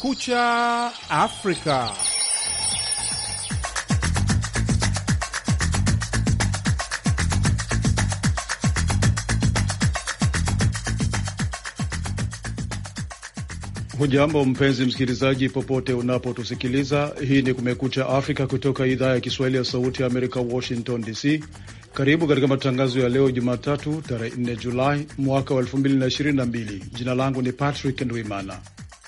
Kumekucha Afrika. Hujambo mpenzi msikilizaji, popote unapotusikiliza. Hii ni Kumekucha Afrika kutoka idhaa ya Kiswahili ya Sauti ya Amerika, Washington DC. Karibu katika matangazo ya leo Jumatatu, tarehe 4 Julai mwaka wa 2022. Jina langu ni Patrick Ndwimana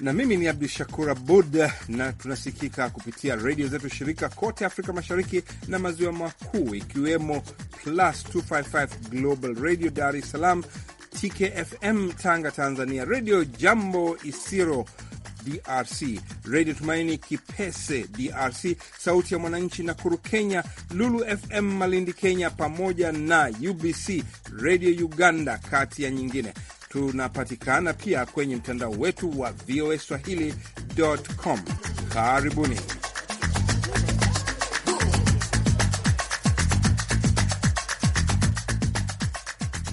na mimi ni Abdu Shakur Abud, na tunasikika kupitia redio zetu shirika kote Afrika Mashariki na Maziwa Makuu, ikiwemo Plus 255 Global Radio Dar es Salaam, TKFM Tanga Tanzania, Redio Jambo Isiro DRC, Redio Tumaini Kipese DRC, Sauti ya Mwananchi Nakuru Kenya, Lulu FM Malindi Kenya, pamoja na UBC Redio Uganda, kati ya nyingine. Tunapatikana pia kwenye mtandao wetu wa VOA Swahili.com. Karibuni.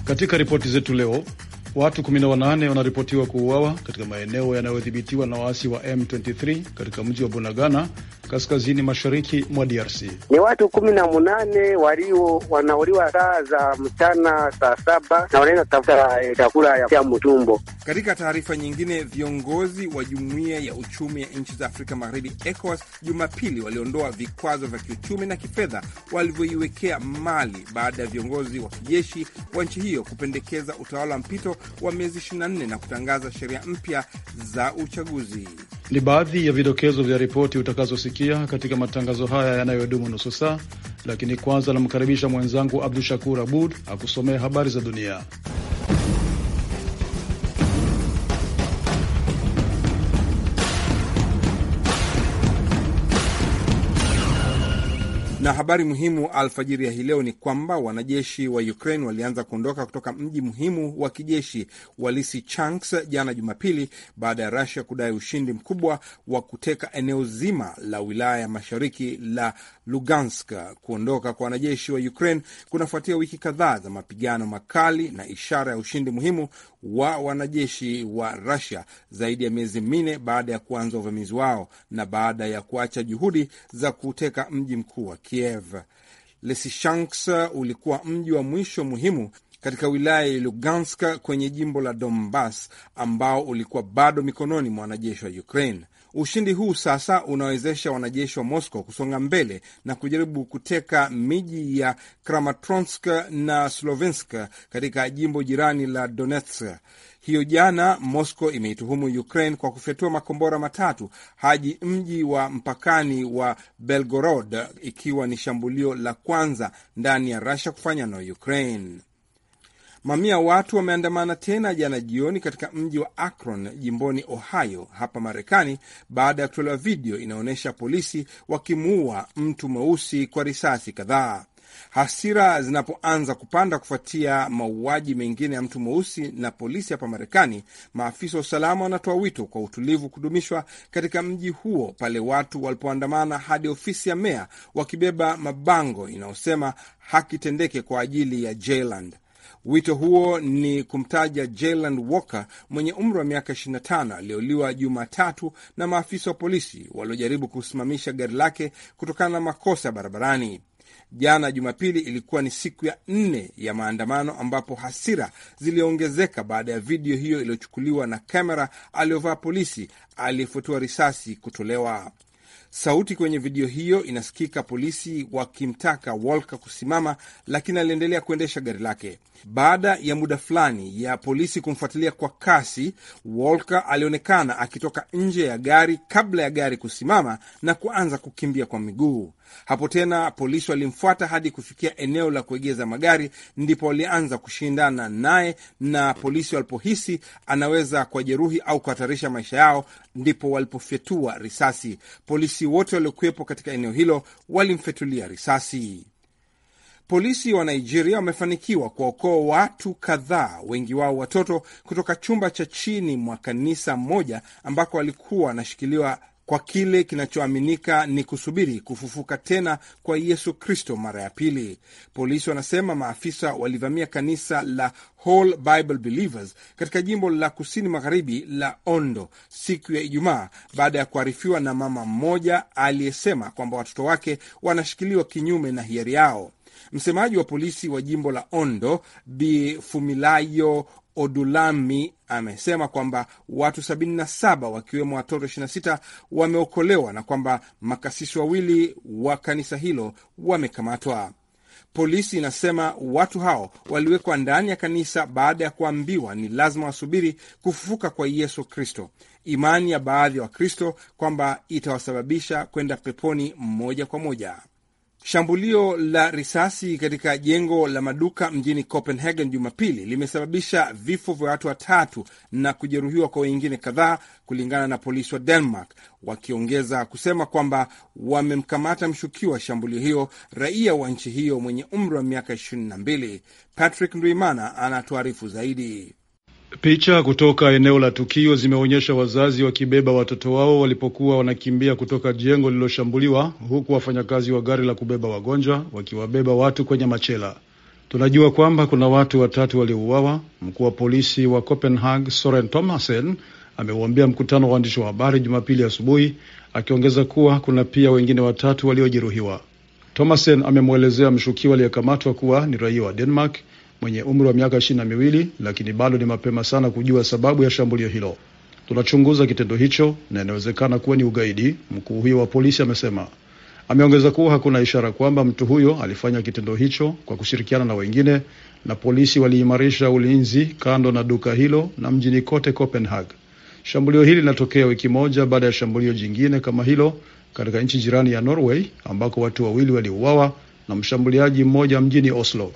Katika ripoti zetu leo, watu 18 wanaripotiwa kuuawa katika maeneo yanayodhibitiwa na waasi wa M23 katika mji wa Bunagana kaskazini mashariki mwa DRC. Ni watu kumi na munane walio wanauliwa saa za mchana saa saba na wanaenda kutafuta eh, chakula ya mtumbo. Katika taarifa nyingine, viongozi wa jumuiya ya uchumi ya nchi za Afrika Magharibi ECOWAS Jumapili waliondoa vikwazo vya kiuchumi na kifedha walivyoiwekea Mali baada ya viongozi wa kijeshi wa nchi hiyo kupendekeza utawala wa mpito wa miezi 24 na kutangaza sheria mpya za uchaguzi. Ni baadhi ya vidokezo vya ripoti utakazosikia kupitia katika matangazo haya yanayodumu nusu saa, lakini kwanza namkaribisha mwenzangu Abdu Shakur Abud akusomea habari za dunia. Na habari muhimu alfajiri ya hii leo ni kwamba wanajeshi wa Ukraine walianza kuondoka kutoka mji muhimu wa kijeshi wa Lysychansk jana Jumapili baada ya Russia kudai ushindi mkubwa wa kuteka eneo zima la wilaya ya mashariki la Luganska. Kuondoka kwa wanajeshi wa Ukraine kunafuatia wiki kadhaa za mapigano makali na ishara ya ushindi muhimu wa wanajeshi wa Rusia zaidi ya miezi minne baada ya kuanza uvamizi wao na baada ya kuacha juhudi za kuteka mji mkuu wa Kiev. Lysychansk ulikuwa mji wa mwisho muhimu katika wilaya ya Luganska kwenye jimbo la Donbas ambao ulikuwa bado mikononi mwa wanajeshi wa Ukraine. Ushindi huu sasa unawezesha wanajeshi wa Moscow kusonga mbele na kujaribu kuteka miji ya Kramatorsk na Slovensk katika jimbo jirani la Donetsk. Hiyo jana Moscow imeituhumu Ukraine kwa kufyatua makombora matatu hadi mji wa mpakani wa Belgorod, ikiwa ni shambulio la kwanza ndani ya Russia kufanya na no Ukraine. Mamia watu wameandamana tena jana jioni katika mji wa Akron jimboni Ohio hapa Marekani baada ya kutolewa video inaonyesha polisi wakimuua mtu mweusi kwa risasi kadhaa. Hasira zinapoanza kupanda kufuatia mauaji mengine ya mtu mweusi na polisi hapa Marekani, maafisa wa usalama wanatoa wito kwa utulivu kudumishwa katika mji huo pale watu walipoandamana hadi ofisi ya meya wakibeba mabango inayosema haki tendeke kwa ajili ya Jayland. Wito huo ni kumtaja Jayland Walker mwenye umri wa miaka 25 aliyeuliwa Jumatatu na maafisa wa polisi waliojaribu kusimamisha gari lake kutokana na makosa ya barabarani. Jana Jumapili ilikuwa ni siku ya nne ya maandamano ambapo hasira ziliongezeka baada ya video hiyo iliyochukuliwa na kamera aliyovaa polisi aliyefutua risasi kutolewa. Sauti kwenye video hiyo inasikika polisi wakimtaka Walker kusimama, lakini aliendelea kuendesha gari lake. Baada ya muda fulani ya polisi kumfuatilia kwa kasi, Walker alionekana akitoka nje ya gari kabla ya gari kusimama na kuanza kukimbia kwa miguu. Hapo tena polisi walimfuata hadi kufikia eneo la kuegeza magari, ndipo walianza kushindana naye, na polisi walipohisi anaweza kuwajeruhi au kuhatarisha maisha yao, ndipo walipofyatua risasi. Polisi wote waliokuwepo katika eneo hilo walimfyatulia risasi. Polisi wa Nigeria wamefanikiwa kuwaokoa watu kadhaa, wengi wao watoto, kutoka chumba cha chini mwa kanisa moja ambako walikuwa wanashikiliwa kwa kile kinachoaminika ni kusubiri kufufuka tena kwa Yesu Kristo mara ya pili. Polisi wanasema maafisa walivamia kanisa la Bible Believers katika jimbo la kusini magharibi la Ondo siku ya Ijumaa baada ya kuarifiwa na mama mmoja aliyesema kwamba watoto wake wanashikiliwa kinyume na hiari yao. Msemaji wa polisi wa jimbo la Ondo Bi Fumilayo Odulami amesema kwamba watu 77 wakiwemo watoto 26 wameokolewa na kwamba makasisi wawili wa kanisa hilo wamekamatwa. Polisi inasema watu hao waliwekwa ndani ya kanisa baada ya kuambiwa ni lazima wasubiri kufufuka kwa Yesu Kristo, imani ya baadhi ya wa Wakristo kwamba itawasababisha kwenda peponi moja kwa moja. Shambulio la risasi katika jengo la maduka mjini Copenhagen Jumapili limesababisha vifo vya watu watatu na kujeruhiwa kwa wengine kadhaa, kulingana na polisi wa Denmark, wakiongeza kusema kwamba wamemkamata mshukiwa wa shambulio hiyo, raia wa nchi hiyo mwenye umri wa miaka 22. Patrick Ndwimana anatuarifu zaidi. Picha kutoka eneo la tukio zimeonyesha wazazi wakibeba watoto wao walipokuwa wanakimbia kutoka jengo lililoshambuliwa, huku wafanyakazi wa gari la kubeba wagonjwa wakiwabeba watu kwenye machela. Tunajua kwamba kuna watu watatu waliouawa. Mkuu wa polisi wa Copenhagen Soren Thomasen ameuambia mkutano wa waandishi wa habari Jumapili asubuhi, akiongeza kuwa kuna pia wengine watatu waliojeruhiwa. Thomasen amemwelezea mshukiwa aliyekamatwa kuwa ni raia wa Denmark mwenye umri wa miaka ishirini na miwili, lakini bado ni mapema sana kujua sababu ya shambulio hilo. Tunachunguza kitendo hicho na inawezekana kuwa ni ugaidi, mkuu huyo wa polisi amesema. Ameongeza kuwa hakuna ishara kwamba mtu huyo alifanya kitendo hicho kwa kushirikiana na wengine, na polisi waliimarisha ulinzi kando na duka hilo na mjini kote Copenhagen. Shambulio hili linatokea wiki moja baada ya shambulio jingine kama hilo katika nchi jirani ya Norway ambako watu wawili waliuawa na mshambuliaji mmoja mjini Oslo.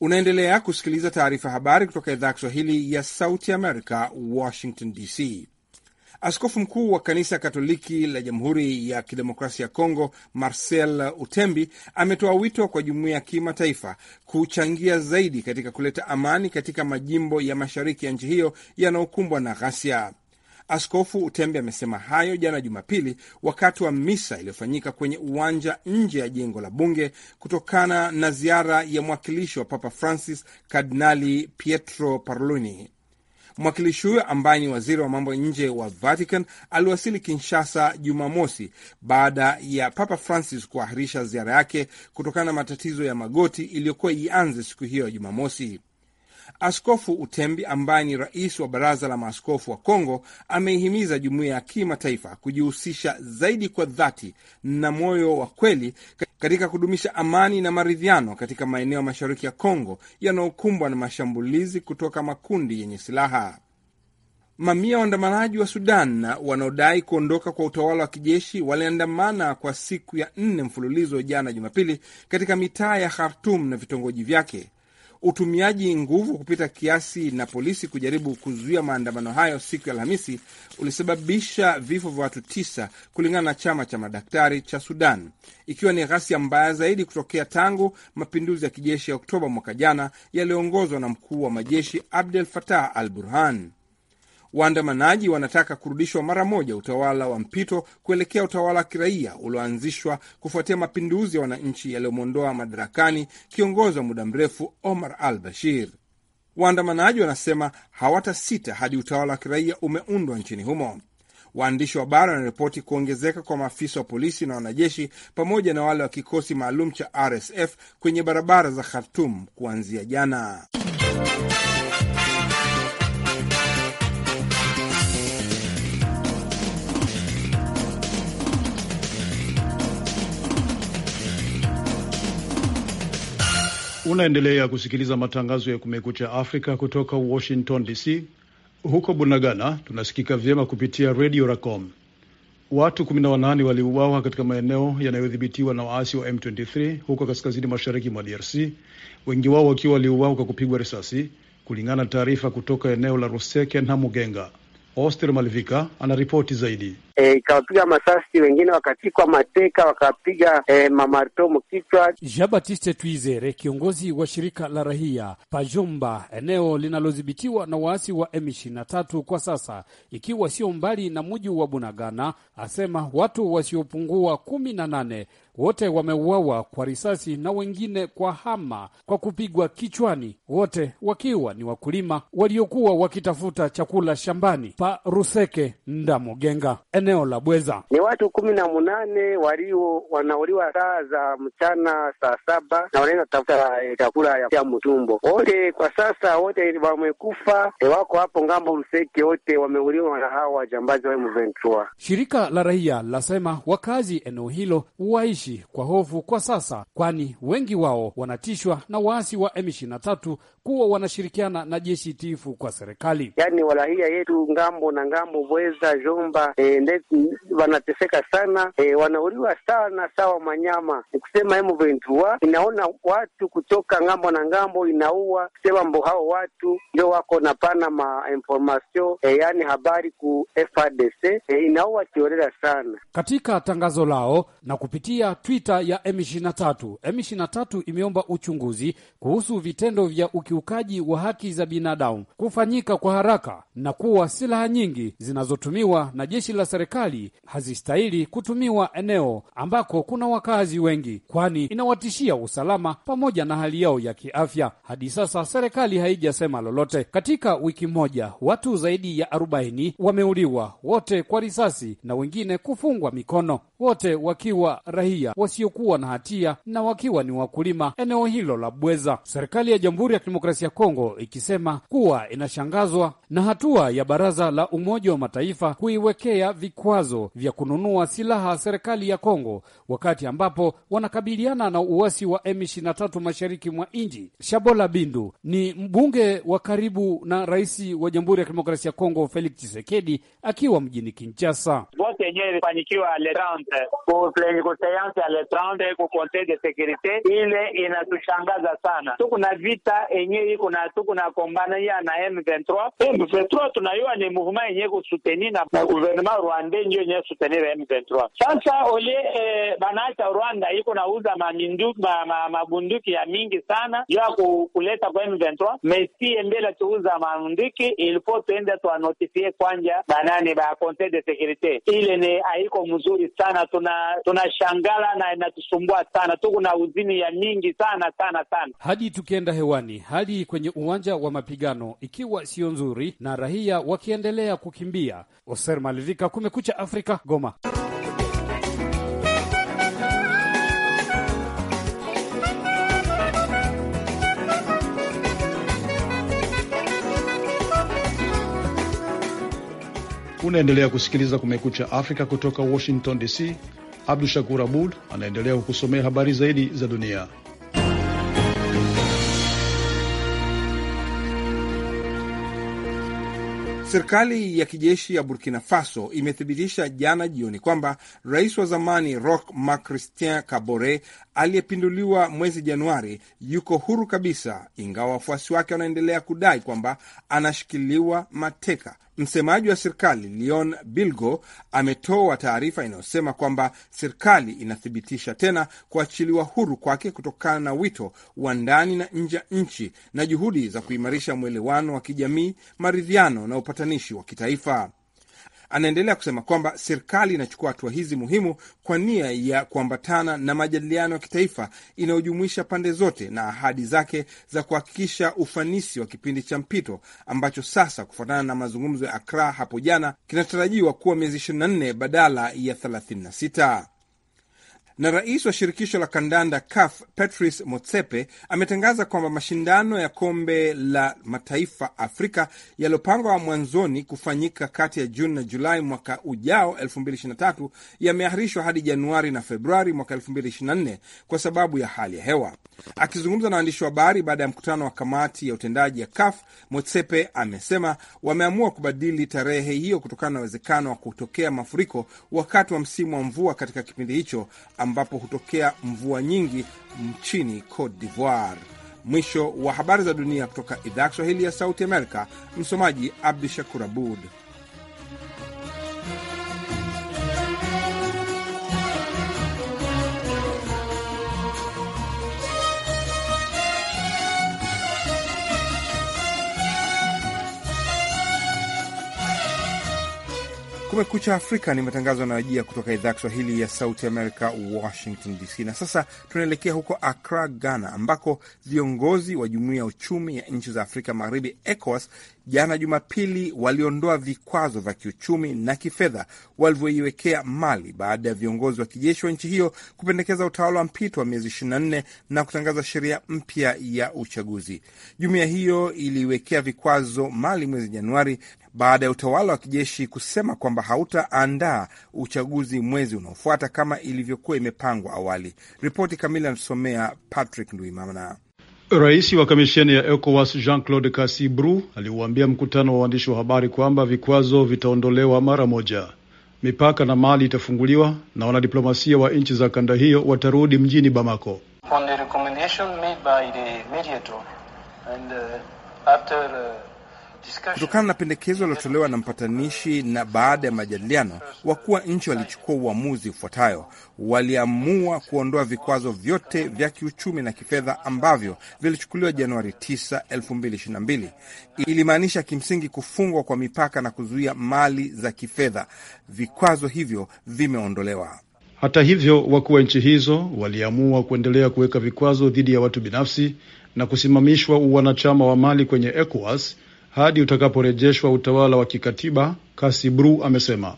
Unaendelea kusikiliza taarifa habari kutoka idhaa ya Kiswahili ya Sauti Amerika, Washington DC. Askofu mkuu wa kanisa Katoliki la Jamhuri ya Kidemokrasia ya Kongo, Marcel Utembi, ametoa wito kwa jumuiya ya kimataifa kuchangia zaidi katika kuleta amani katika majimbo ya mashariki ya nchi hiyo yanayokumbwa na ghasia. Askofu Utembe amesema hayo jana Jumapili wakati wa misa iliyofanyika kwenye uwanja nje ya jengo la bunge kutokana na ziara ya mwakilishi wa Papa Francis Kardinali Pietro Parolin. Mwakilishi huyo ambaye ni waziri wa mambo ya nje wa Vatican aliwasili Kinshasa Jumamosi baada ya Papa Francis kuahirisha ziara yake kutokana na matatizo ya magoti iliyokuwa ianze siku hiyo ya Jumamosi. Askofu Utembi ambaye ni rais wa baraza la maaskofu wa Kongo ameihimiza jumuiya ya kimataifa kujihusisha zaidi kwa dhati na moyo wa kweli katika kudumisha amani na maridhiano katika maeneo mashariki ya Kongo yanayokumbwa na mashambulizi kutoka makundi yenye silaha. Mamia waandamanaji wa Sudan wanaodai kuondoka kwa utawala wa kijeshi waliandamana kwa siku ya nne mfululizo jana Jumapili katika mitaa ya Khartum na vitongoji vyake. Utumiaji nguvu kupita kiasi na polisi kujaribu kuzuia maandamano hayo siku ya Alhamisi ulisababisha vifo vya watu tisa, kulingana na chama cha madaktari cha Sudan, ikiwa ni ghasia mbaya zaidi kutokea tangu mapinduzi ya kijeshi ya Oktoba mwaka jana yaliyoongozwa na mkuu wa majeshi Abdel Fattah al Burhan. Waandamanaji wanataka kurudishwa mara moja utawala wa mpito kuelekea utawala wa kiraia ulioanzishwa kufuatia mapinduzi ya wananchi yaliyomwondoa madarakani kiongozi wa muda mrefu Omar al Bashir. Waandamanaji wanasema hawatasita hadi utawala wa kiraia umeundwa nchini humo. Waandishi wa habari wanaripoti kuongezeka kwa maafisa wa polisi na wanajeshi pamoja na wale wa kikosi maalum cha RSF kwenye barabara za Khartum kuanzia jana. Unaendelea kusikiliza matangazo ya Kumekucha Afrika kutoka Washington DC. Huko Bunagana tunasikika vyema kupitia redio Racom. Watu 18 waliuawa katika maeneo yanayodhibitiwa na waasi wa M23 huko kaskazini mashariki mwa DRC, wengi wao wakiwa waliuawa kwa kupigwa risasi, kulingana na taarifa kutoka eneo la roseke na Mugenga. Oster Malivika anaripoti zaidi e, ikawapiga masasi, wengine wakatikwa mateka, wakapiga e, mamarto kichwa. Jean Baptiste Twizere, kiongozi wa shirika la rahia Pajumba, eneo linalodhibitiwa na waasi wa M23 kwa sasa, ikiwa sio mbali na mji wa Bunagana, asema watu wasiopungua kumi na nane wote wameuawa kwa risasi na wengine kwa hama kwa kupigwa kichwani, wote wakiwa ni wakulima waliokuwa wakitafuta chakula shambani pa Ruseke Ndamugenga eneo la Bweza. Ni watu kumi na munane walio wanauliwa saa za mchana saa saba na wanaenda kutafuta eh, chakula ya mtumbo. Wote kwa sasa wote wamekufa, e, wako hapo ngambo Mseke, wote wameuliwa na hawa wajambazi wa M23. Shirika la raia lasema wakazi eneo hilo waishi kwa hofu kwa sasa, kwani wengi wao wanatishwa na waasi wa M23 kuwa wanashirikiana na jeshi tifu kwa serikali. Yani walahia yetu ngambo na ngambo Bweza Jomba e, eh, wetu wanateseka sana e, wanauliwa sana sawa manyama. Ni kusema M23 inaona watu kutoka ngambo na ngambo, inaua kusema mbo hao watu ndio wako na pana ma information e, yani habari ku FARDC e, inaua kiorela sana. Katika tangazo lao na kupitia Twitter ya M23, M23 imeomba uchunguzi kuhusu vitendo vya ukiukaji wa haki za binadamu kufanyika kwa haraka na kuwa silaha nyingi zinazotumiwa na jeshi la serikali serikali hazistahili kutumiwa eneo ambako kuna wakazi wengi, kwani inawatishia usalama pamoja na hali yao ya kiafya. Hadi sasa serikali haijasema lolote. Katika wiki moja watu zaidi ya arobaini wameuliwa wote kwa risasi na wengine kufungwa mikono, wote wakiwa raia wasiokuwa na hatia na wakiwa ni wakulima eneo hilo la Bweza. Serikali ya Jamhuri ya Kidemokrasia ya Kongo ikisema kuwa inashangazwa na hatua ya Baraza la Umoja wa Mataifa kuiwekea vikwazo vya kununua silaha serikali ya Kongo wakati ambapo wanakabiliana na uasi wa M23 mashariki mwa nchi. Shabola Bindu ni mbunge wa karibu na rais wa Jamhuri ya Kidemokrasia ya Kongo Felix Tshisekedi akiwa mjini Kinshasa. Vote yenyewe ilifanikiwa le 30 kwenye kuseansi ya le 30 ku de securite, ile inatushangaza sana. Tukuna vita yenyewe iko na tukuna kombana ya na M23. M23 tunayua ni movement yenyewe kusuteni na gouvernement bande ndio yenyewe sutenire M23. Sasa ole eh, banaacha Rwanda iko nauza mabunduki ma, ma, ma ya mingi sana juu ya kuleta kwa M23 mesie mbele tuuza mabunduki ilipo tuende tuanotifie kwanja banani ba conseil de securite, ile ni haiko mzuri sana, tunashangala na inatusumbua sana, tuko na uzini ya mingi sana sana sana. Hadi tukienda hewani, hali kwenye uwanja wa mapigano ikiwa sio nzuri na rahia wakiendelea kukimbia. Oser Malivika kume Kumekucha Afrika, Goma. Unaendelea kusikiliza Kumekucha Afrika kutoka Washington DC. Abdu Shakur Abud anaendelea kukusomea habari zaidi za dunia. Serikali ya kijeshi ya Burkina Faso imethibitisha jana jioni kwamba rais wa zamani Roch Marc Christian Kabore aliyepinduliwa mwezi Januari yuko huru kabisa, ingawa wafuasi wake wanaendelea kudai kwamba anashikiliwa mateka. Msemaji wa serikali Leon Bilgo ametoa taarifa inayosema kwamba serikali inathibitisha tena kuachiliwa huru kwake kutokana na wito wa ndani na nje ya nchi na juhudi za kuimarisha mwelewano wa kijamii, maridhiano na upatanishi wa kitaifa. Anaendelea kusema kwamba serikali inachukua hatua hizi muhimu kwa nia ya kuambatana na majadiliano ya kitaifa inayojumuisha pande zote na ahadi zake za kuhakikisha ufanisi wa kipindi cha mpito ambacho sasa, kufuatana na mazungumzo ya Akra hapo jana, kinatarajiwa kuwa miezi 24 badala ya 36 na rais wa shirikisho la kandanda CAF Patrice Motsepe ametangaza kwamba mashindano ya kombe la mataifa Afrika yaliyopangwa mwanzoni kufanyika kati ya Juni na Julai mwaka ujao 2023 yameahirishwa hadi Januari na Februari mwaka 2024 kwa sababu ya hali ya hewa. Akizungumza na waandishi wa habari baada ya mkutano wa kamati ya utendaji ya CAF, Motsepe amesema wameamua kubadili tarehe hiyo kutokana na uwezekano wa kutokea mafuriko wakati wa msimu wa mvua katika kipindi hicho ambapo hutokea mvua nyingi nchini Cote d'Ivoire. Mwisho wa habari za dunia kutoka idhaa ya Kiswahili ya Sauti Amerika. Msomaji Abdu Shakur Abud. Kumekucha Afrika ni matangazo yanayojia kutoka idhaa ya Kiswahili ya Sauti Amerika, Washington DC. Na sasa tunaelekea huko acra Ghana, ambako viongozi wa Jumuiya ya Uchumi ya Nchi za Afrika Magharibi, ECOWAS, jana Jumapili waliondoa vikwazo vya kiuchumi na kifedha walivyoiwekea Mali baada ya viongozi wa kijeshi wa nchi hiyo kupendekeza utawala wa mpito wa miezi 24 na kutangaza sheria mpya ya uchaguzi. Jumuiya hiyo iliiwekea vikwazo Mali mwezi Januari baada ya utawala wa kijeshi kusema kwamba hautaandaa uchaguzi mwezi unaofuata kama ilivyokuwa imepangwa awali. Ripoti kamili anasomea Patrick Nduimana. Rais wa kamisheni ya ECOWAS Jean Claude Kasibru aliuambia mkutano wa waandishi wa habari kwamba vikwazo vitaondolewa mara moja, mipaka na mali itafunguliwa na wanadiplomasia wa nchi za kanda hiyo watarudi mjini Bamako. On the recommendation made by the mediator and, uh, after, uh kutokana na pendekezo lilotolewa na mpatanishi na baada ya majadiliano, wakuu wa nchi walichukua uamuzi ufuatayo. Waliamua kuondoa vikwazo vyote vya kiuchumi na kifedha ambavyo vilichukuliwa Januari 9, 2022. Ilimaanisha kimsingi kufungwa kwa mipaka na kuzuia mali za kifedha. Vikwazo hivyo vimeondolewa. Hata hivyo, wakuu wa nchi hizo waliamua kuendelea kuweka vikwazo dhidi ya watu binafsi na kusimamishwa uwanachama wa Mali kwenye ECOWAS hadi utakaporejeshwa utawala wa kikatiba, Kasibru amesema.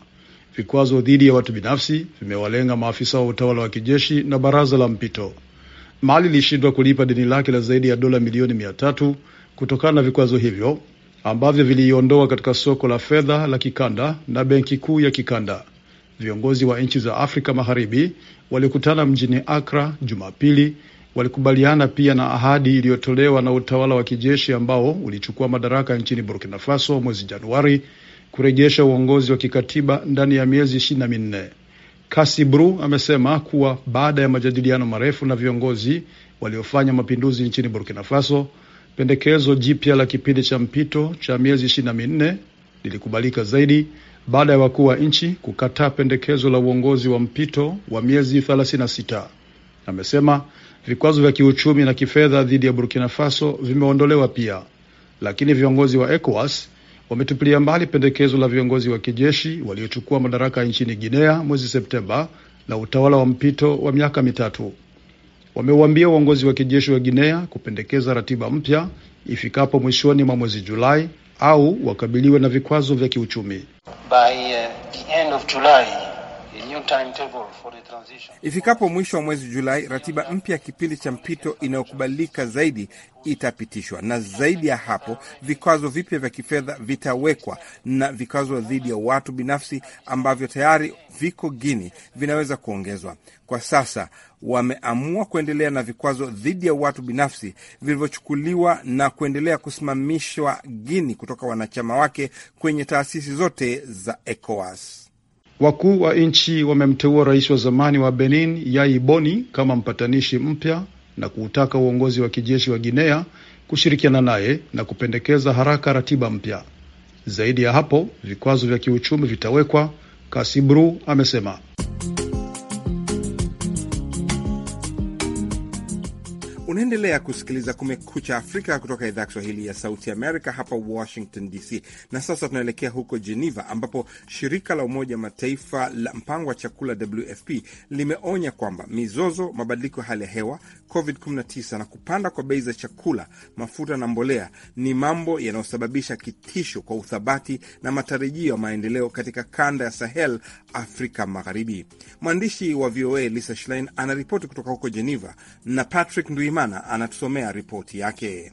Vikwazo dhidi ya watu binafsi vimewalenga maafisa wa utawala wa kijeshi na baraza la mpito. Mali ilishindwa kulipa deni lake la zaidi ya dola milioni mia tatu kutokana na vikwazo hivyo ambavyo viliiondoa katika soko la fedha la kikanda na benki kuu ya kikanda. Viongozi wa nchi za Afrika Magharibi walikutana mjini Akra Jumapili Walikubaliana pia na ahadi iliyotolewa na utawala wa kijeshi ambao ulichukua madaraka nchini Burkina Faso mwezi Januari kurejesha uongozi wa kikatiba ndani ya miezi ishirini na minne. Kasi Bru amesema kuwa baada ya majadiliano marefu na viongozi waliofanya mapinduzi nchini Burkina Faso, pendekezo jipya la kipindi cha mpito cha miezi ishirini na minne lilikubalika zaidi baada ya wakuu wa nchi kukataa pendekezo la uongozi wa mpito wa miezi thelathini na sita. Amesema Vikwazo vya kiuchumi na kifedha dhidi ya Burkina Faso vimeondolewa pia, lakini viongozi wa ECOWAS wametupilia mbali pendekezo la viongozi wa kijeshi waliochukua madaraka nchini Guinea mwezi Septemba la utawala wa mpito wa miaka mitatu. Wameuambia uongozi wa kijeshi wa Guinea kupendekeza ratiba mpya ifikapo mwishoni mwa mwezi Julai au wakabiliwe na vikwazo vya kiuchumi By, uh, the end of July. Ifikapo mwisho wa mwezi Julai, ratiba mpya ya kipindi cha mpito inayokubalika zaidi itapitishwa, na zaidi ya hapo, vikwazo vipya vya kifedha vitawekwa, na vikwazo dhidi ya watu binafsi ambavyo tayari viko Guini vinaweza kuongezwa. Kwa sasa wameamua kuendelea na vikwazo dhidi ya watu binafsi vilivyochukuliwa na kuendelea kusimamishwa Guini kutoka wanachama wake kwenye taasisi zote za ECOWAS. Wakuu wa nchi wamemteua rais wa zamani wa Benin Yai Boni kama mpatanishi mpya na kuutaka uongozi wa kijeshi wa Guinea kushirikiana naye na kupendekeza haraka ratiba mpya. Zaidi ya hapo, vikwazo vya kiuchumi vitawekwa, Kasibru amesema. Unaendelea kusikiliza Kumekucha Afrika kutoka idhaa ya Kiswahili ya Sauti Amerika hapa Washington DC. Na sasa tunaelekea huko Geneva, ambapo shirika la Umoja Mataifa la mpango wa chakula WFP limeonya kwamba mizozo, mabadiliko ya hali ya hewa, COVID-19 na kupanda kwa bei za chakula, mafuta na mbolea ni mambo yanayosababisha kitisho kwa uthabati na matarajio ya maendeleo katika kanda ya Sahel, Afrika Magharibi. Mwandishi wa VOA Lisa Schlein anaripoti kutoka huko Geneva na Patrick Nduimana anatusomea ripoti yake.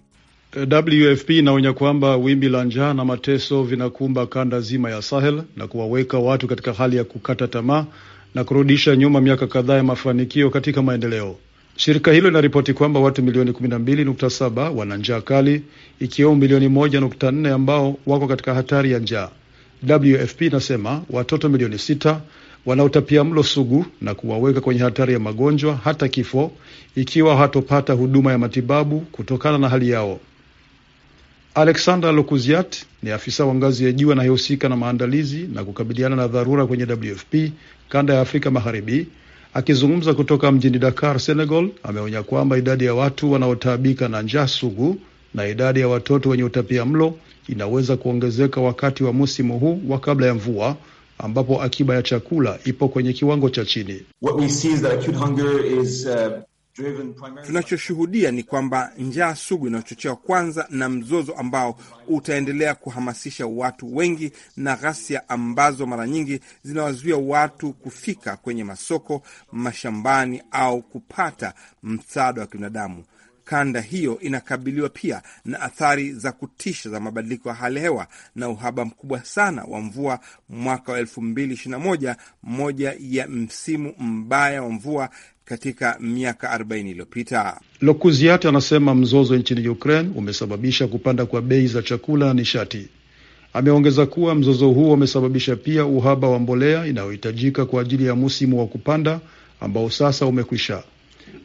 WFP inaonya kwamba wimbi la njaa na mateso vinakumba kanda zima ya Sahel na kuwaweka watu katika hali ya kukata tamaa na kurudisha nyuma miaka kadhaa ya mafanikio katika maendeleo. Shirika hilo linaripoti kwamba watu milioni 12.7 wana njaa kali ikiwemo milioni 1.4 ambao wako katika hatari ya njaa. WFP inasema watoto milioni 6 wanaotapia mlo sugu na kuwaweka kwenye hatari ya magonjwa hata kifo ikiwa hatopata huduma ya matibabu kutokana na hali yao. Alexander Lokuziat ni afisa wa ngazi ya juu anayehusika na maandalizi na kukabiliana na dharura kwenye WFP kanda ya Afrika Magharibi Akizungumza kutoka mjini Dakar, Senegal, ameonya kwamba idadi ya watu wanaotaabika na njaa sugu na idadi ya watoto wenye utapia mlo inaweza kuongezeka wakati wa msimu huu wa kabla ya mvua ambapo akiba ya chakula ipo kwenye kiwango cha chini. What we see is that acute hunger is, uh, Tunachoshuhudia ni kwamba njaa sugu inayochochewa kwanza na mzozo ambao utaendelea kuhamasisha watu wengi na ghasia ambazo mara nyingi zinawazuia watu kufika kwenye masoko, mashambani au kupata msaada wa kibinadamu. Kanda hiyo inakabiliwa pia na athari za kutisha za mabadiliko ya hali ya hewa na uhaba mkubwa sana wa mvua. Mwaka wa 2021 moja ya msimu mbaya wa mvua katika miaka 40 iliyopita. Lokuziat anasema mzozo nchini Ukraine umesababisha kupanda kwa bei za chakula na nishati. Ameongeza kuwa mzozo huo umesababisha pia uhaba wa mbolea inayohitajika kwa ajili ya msimu wa kupanda ambao sasa umekwisha.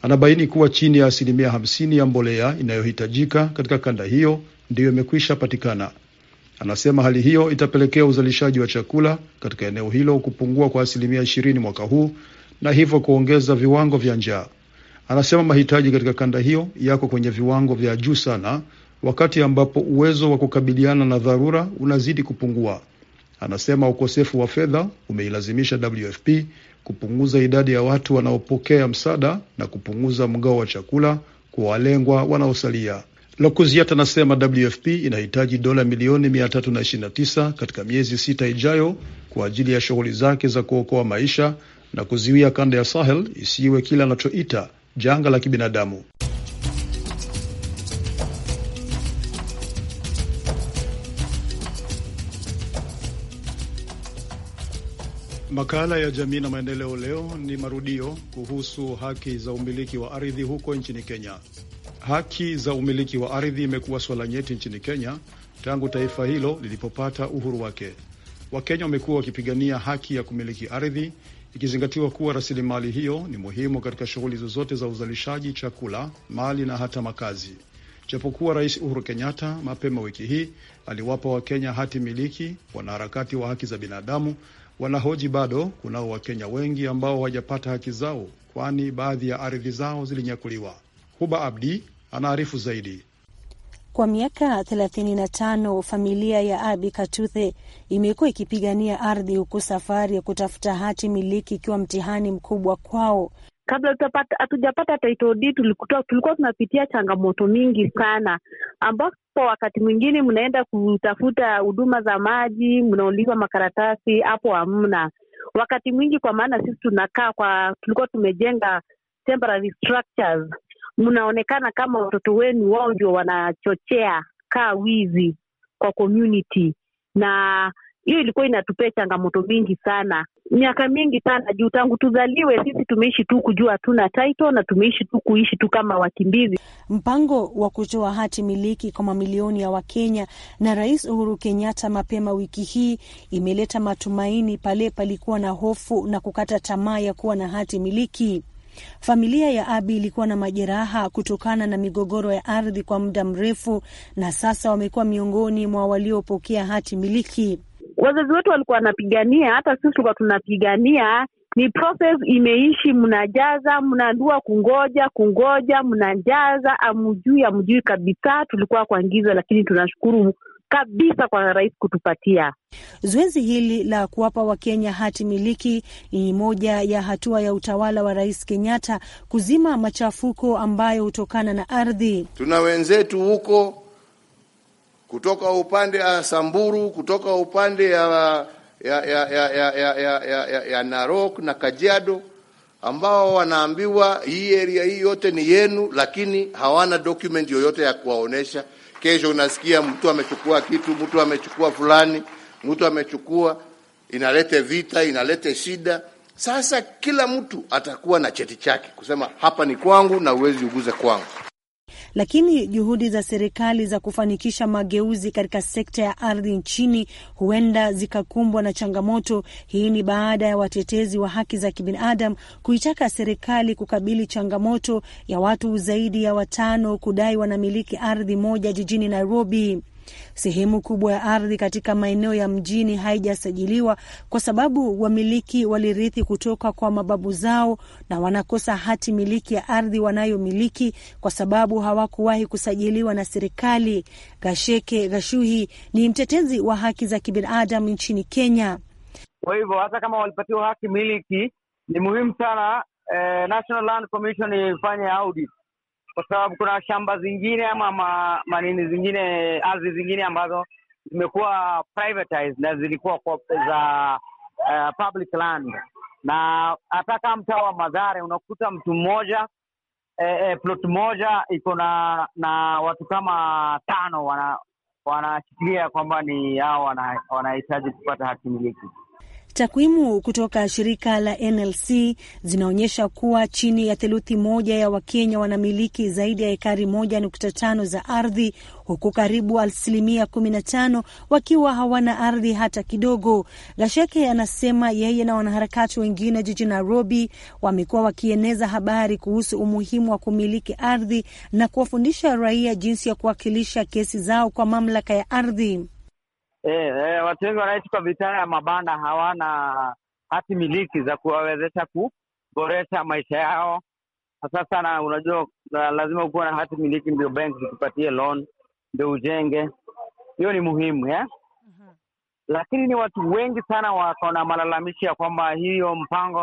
Anabaini kuwa chini ya asilimia 50 ya mbolea inayohitajika katika kanda hiyo ndiyo imekwisha patikana. Anasema hali hiyo itapelekea uzalishaji wa chakula katika eneo hilo kupungua kwa asilimia 20 mwaka huu na hivyo kuongeza viwango vya njaa. Anasema mahitaji katika kanda hiyo yako kwenye viwango vya juu sana, wakati ambapo uwezo wa kukabiliana na dharura unazidi kupungua. Anasema ukosefu wa fedha umeilazimisha WFP kupunguza idadi ya watu wanaopokea msaada na kupunguza mgao wa chakula kwa walengwa wanaosalia. Lokuziat anasema WFP inahitaji dola milioni 329 katika miezi sita ijayo kwa ajili ya shughuli zake za kuokoa maisha na kuziwia kanda ya Sahel isiwe kile anachoita janga la kibinadamu. Makala ya jamii na maendeleo leo ni marudio kuhusu haki za umiliki wa ardhi huko nchini Kenya. Haki za umiliki wa ardhi imekuwa swala nyeti nchini Kenya tangu taifa hilo lilipopata uhuru wake. Wakenya wamekuwa wakipigania haki ya kumiliki ardhi ikizingatiwa kuwa rasilimali hiyo ni muhimu katika shughuli zozote za uzalishaji chakula, mali na hata makazi. Japokuwa Rais Uhuru Kenyatta mapema wiki hii aliwapa Wakenya hati miliki, wanaharakati wa haki za binadamu wanahoji bado kunao Wakenya wengi ambao hawajapata haki zao, kwani baadhi ya ardhi zao zilinyakuliwa. Huba Abdi anaarifu zaidi. Kwa miaka 35 familia ya Abi Katuthe imekuwa ikipigania ardhi, huku safari ya kutafuta hati miliki ikiwa mtihani mkubwa kwao. Kabla hatujapata title deed tulikuwa tunapitia changamoto mingi sana, ambapo wakati mwingine mnaenda kutafuta huduma za maji, mnaulizwa makaratasi hapo hamna. Wakati mwingi, kwa maana sisi tunakaa kwa, tulikuwa tumejenga temporary structures mnaonekana kama watoto wenu wao ndio wanachochea kaa wizi kwa community, na hiyo ilikuwa inatupea changamoto mingi sana miaka mingi sana juu tangu tuzaliwe sisi tumeishi tu kujua hatuna title na tumeishi tu kuishi tu kama wakimbizi. Mpango wa kutoa hati miliki kwa mamilioni ya Wakenya na Rais Uhuru Kenyatta mapema wiki hii imeleta matumaini pale palikuwa na hofu na kukata tamaa ya kuwa na hati miliki. Familia ya Abi ilikuwa na majeraha kutokana na migogoro ya ardhi kwa muda mrefu, na sasa wamekuwa miongoni mwa waliopokea hati miliki. Wazazi wetu walikuwa wanapigania, hata sisi tulikuwa tunapigania. Ni proses imeishi, mnajaza mnandua, kungoja kungoja, mnajaza, amujui amujui kabisa. Tulikuwa kwa ngiza, lakini tunashukuru kabisa kwa rais kutupatia. Zoezi hili la kuwapa Wakenya hati miliki ni moja ya hatua ya utawala wa Rais Kenyatta kuzima machafuko ambayo hutokana na ardhi. Tuna wenzetu huko kutoka upande ya Samburu, kutoka upande ya, ya, ya, ya, ya, ya, ya, ya, ya Narok na Kajiado ambao wanaambiwa hii area hii yote ni yenu, lakini hawana document yoyote ya kuwaonesha Kesho unasikia mtu amechukua kitu, mtu amechukua fulani, mtu amechukua, inalete vita, inalete shida. Sasa kila mtu atakuwa na cheti chake kusema hapa ni kwangu na uwezi uguze kwangu lakini juhudi za serikali za kufanikisha mageuzi katika sekta ya ardhi nchini huenda zikakumbwa na changamoto. Hii ni baada ya watetezi wa haki za kibinadamu kuitaka serikali kukabili changamoto ya watu zaidi ya watano kudai wanamiliki ardhi moja jijini Nairobi. Sehemu kubwa ya ardhi katika maeneo ya mjini haijasajiliwa kwa sababu wamiliki walirithi kutoka kwa mababu zao na wanakosa hati miliki ya ardhi wanayomiliki kwa sababu hawakuwahi kusajiliwa na serikali. Gasheke Gashuhi ni mtetezi wa haki za kibinadamu nchini Kenya. Kwa hivyo hata kama walipatiwa haki miliki, ni muhimu sana eh, National Land Commission ifanye audit kwa sababu kuna shamba zingine ama ma, manini zingine ardhi zingine ambazo zimekuwa privatized na zilikuwa kwa za uh, public land, na hata kama mtaa wa Madhare unakuta mtu mmoja e, e, plot moja iko na na watu kama tano wana kwamba ni hao wanahitaji wana kupata hati Takwimu kutoka shirika la NLC zinaonyesha kuwa chini ya theluthi moja ya Wakenya wanamiliki zaidi ya ekari moja nukta tano za ardhi huku karibu asilimia kumi na tano wakiwa hawana ardhi hata kidogo. Gasheke anasema yeye na wanaharakati wengine jijini Nairobi wamekuwa wakieneza habari kuhusu umuhimu wa kumiliki ardhi na kuwafundisha raia jinsi ya kuwakilisha kesi zao kwa mamlaka ya ardhi eh, eh, watu wengi wanaishi kwa vitaa ya mabanda, hawana hati miliki za kuwawezesha kuboresha maisha yao. Sasa sana, unajua lazima ukuwa na hati miliki ndio benki zikupatie loan ndio ujenge. Hiyo ni muhimu eh? Mhm. Lakini ni watu wengi sana wako na malalamishi ya kwamba hiyo mpango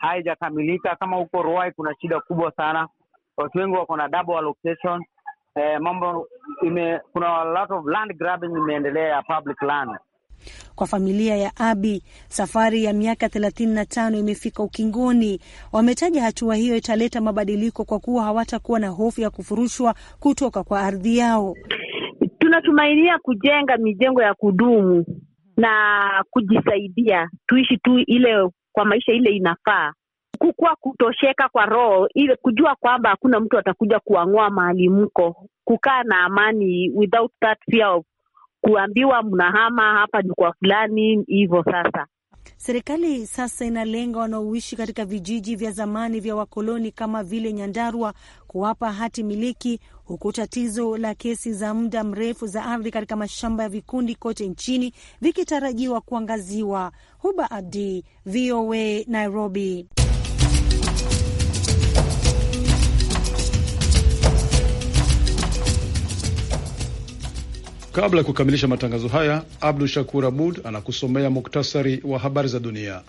haijakamilika. Hai kama huko Ruai kuna shida kubwa sana, watu wengi wako na double allocation eh, mambo ime, kuna lot of land grabbing imeendelea ya public land. Kwa familia ya Abi, safari ya miaka thelathini na tano imefika ukingoni. Wametaja hatua hiyo italeta mabadiliko kwa kuwa hawatakuwa na hofu ya kufurushwa kutoka kwa ardhi yao. Tunatumainia kujenga mijengo ya kudumu na kujisaidia, tuishi tu ile kwa maisha ile inafaa kukuwa kutosheka kwa roho ile, kujua kwamba hakuna mtu atakuja kuang'oa mahali mko, kukaa na amani without that fear of kuambiwa mnahama hapa ni kwa fulani hivyo. Sasa serikali sasa inalenga wanaoishi katika vijiji vya zamani vya wakoloni kama vile Nyandarua kuwapa hati miliki, huku tatizo la kesi za muda mrefu za ardhi katika mashamba ya vikundi kote nchini vikitarajiwa kuangaziwa. Huba Abdi, VOA Nairobi. Kabla ya kukamilisha matangazo haya, Abdu Shakur Abud anakusomea muktasari wa habari za dunia.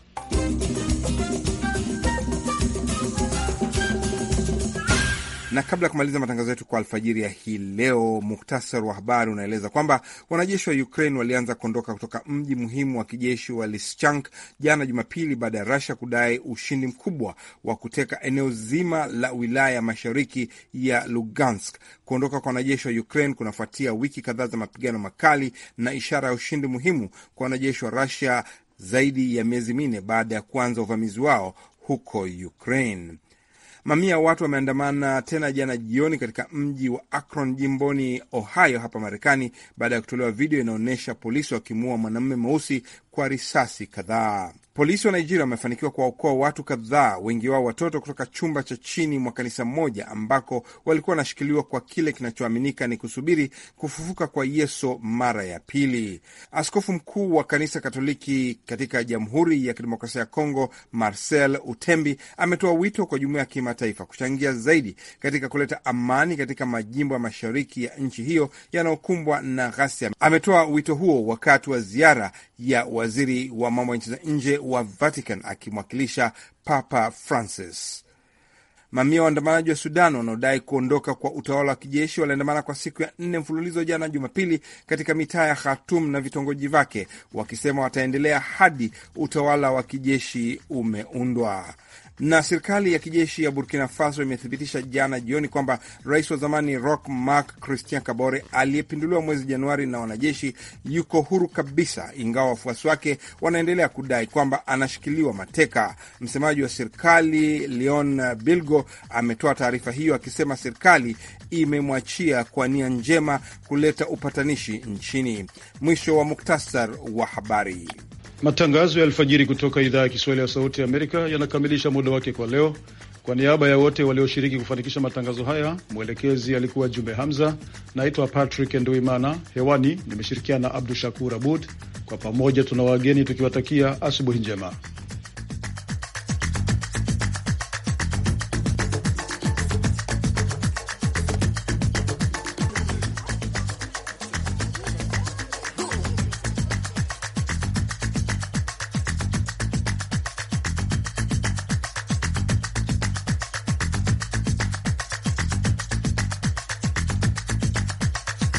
Na kabla ya kumaliza matangazo yetu kwa alfajiri ya hii leo, muktasar wa habari unaeleza kwamba wanajeshi wa Ukraine walianza kuondoka kutoka mji muhimu wa kijeshi wa Lischank jana Jumapili baada ya Russia kudai ushindi mkubwa wa kuteka eneo zima la wilaya ya mashariki ya Lugansk. Kuondoka kwa wanajeshi wa Ukraine kunafuatia wiki kadhaa za mapigano makali na ishara ya ushindi muhimu kwa wanajeshi wa Russia zaidi ya miezi minne baada ya kuanza uvamizi wao huko Ukraine. Mamia ya watu wameandamana tena jana jioni katika mji wa Akron jimboni Ohio hapa Marekani baada ya kutolewa video inaonyesha polisi wakimuua mwanamume mweusi kwa risasi kadhaa. Polisi wa Nigeria wamefanikiwa kuwaokoa watu kadhaa, wengi wao watoto, kutoka chumba cha chini mwa kanisa moja ambako walikuwa wanashikiliwa kwa kile kinachoaminika ni kusubiri kufufuka kwa Yesu mara ya pili. Askofu mkuu wa kanisa Katoliki katika Jamhuri ya Kidemokrasia ya Kongo, Marcel Utembi, ametoa wito kwa jumuiya ya kimataifa kuchangia zaidi katika kuleta amani katika majimbo ya mashariki ya nchi hiyo yanayokumbwa na ghasia. Ametoa wito huo wakati wa ziara ya waziri wa mambo ya nchi za nje wa Vatican akimwakilisha Papa Francis. Mamia waandamanaji wa Sudan wanaodai kuondoka kwa utawala wa kijeshi waliandamana kwa siku ya nne mfululizo jana Jumapili katika mitaa ya Khartum na vitongoji vyake, wakisema wataendelea hadi utawala wa kijeshi umeundwa. Na serikali ya kijeshi ya Burkina Faso imethibitisha jana jioni kwamba rais wa zamani Roch Marc Christian Kabore aliyepinduliwa mwezi Januari na wanajeshi yuko huru kabisa, ingawa wafuasi wake wanaendelea kudai kwamba anashikiliwa mateka. Msemaji wa serikali Leon Bilgo ametoa taarifa hiyo akisema serikali imemwachia kwa nia njema kuleta upatanishi nchini. Mwisho wa muktasar wa habari. Matangazo ya alfajiri kutoka idhaa ya Kiswahili ya Sauti ya Amerika yanakamilisha muda wake kwa leo. Kwa niaba ya wote walioshiriki kufanikisha matangazo haya, mwelekezi alikuwa Jumbe Hamza. Naitwa Patrick Nduimana, hewani nimeshirikiana na Abdu Shakur Abud. Kwa pamoja tuna wageni tukiwatakia asubuhi njema.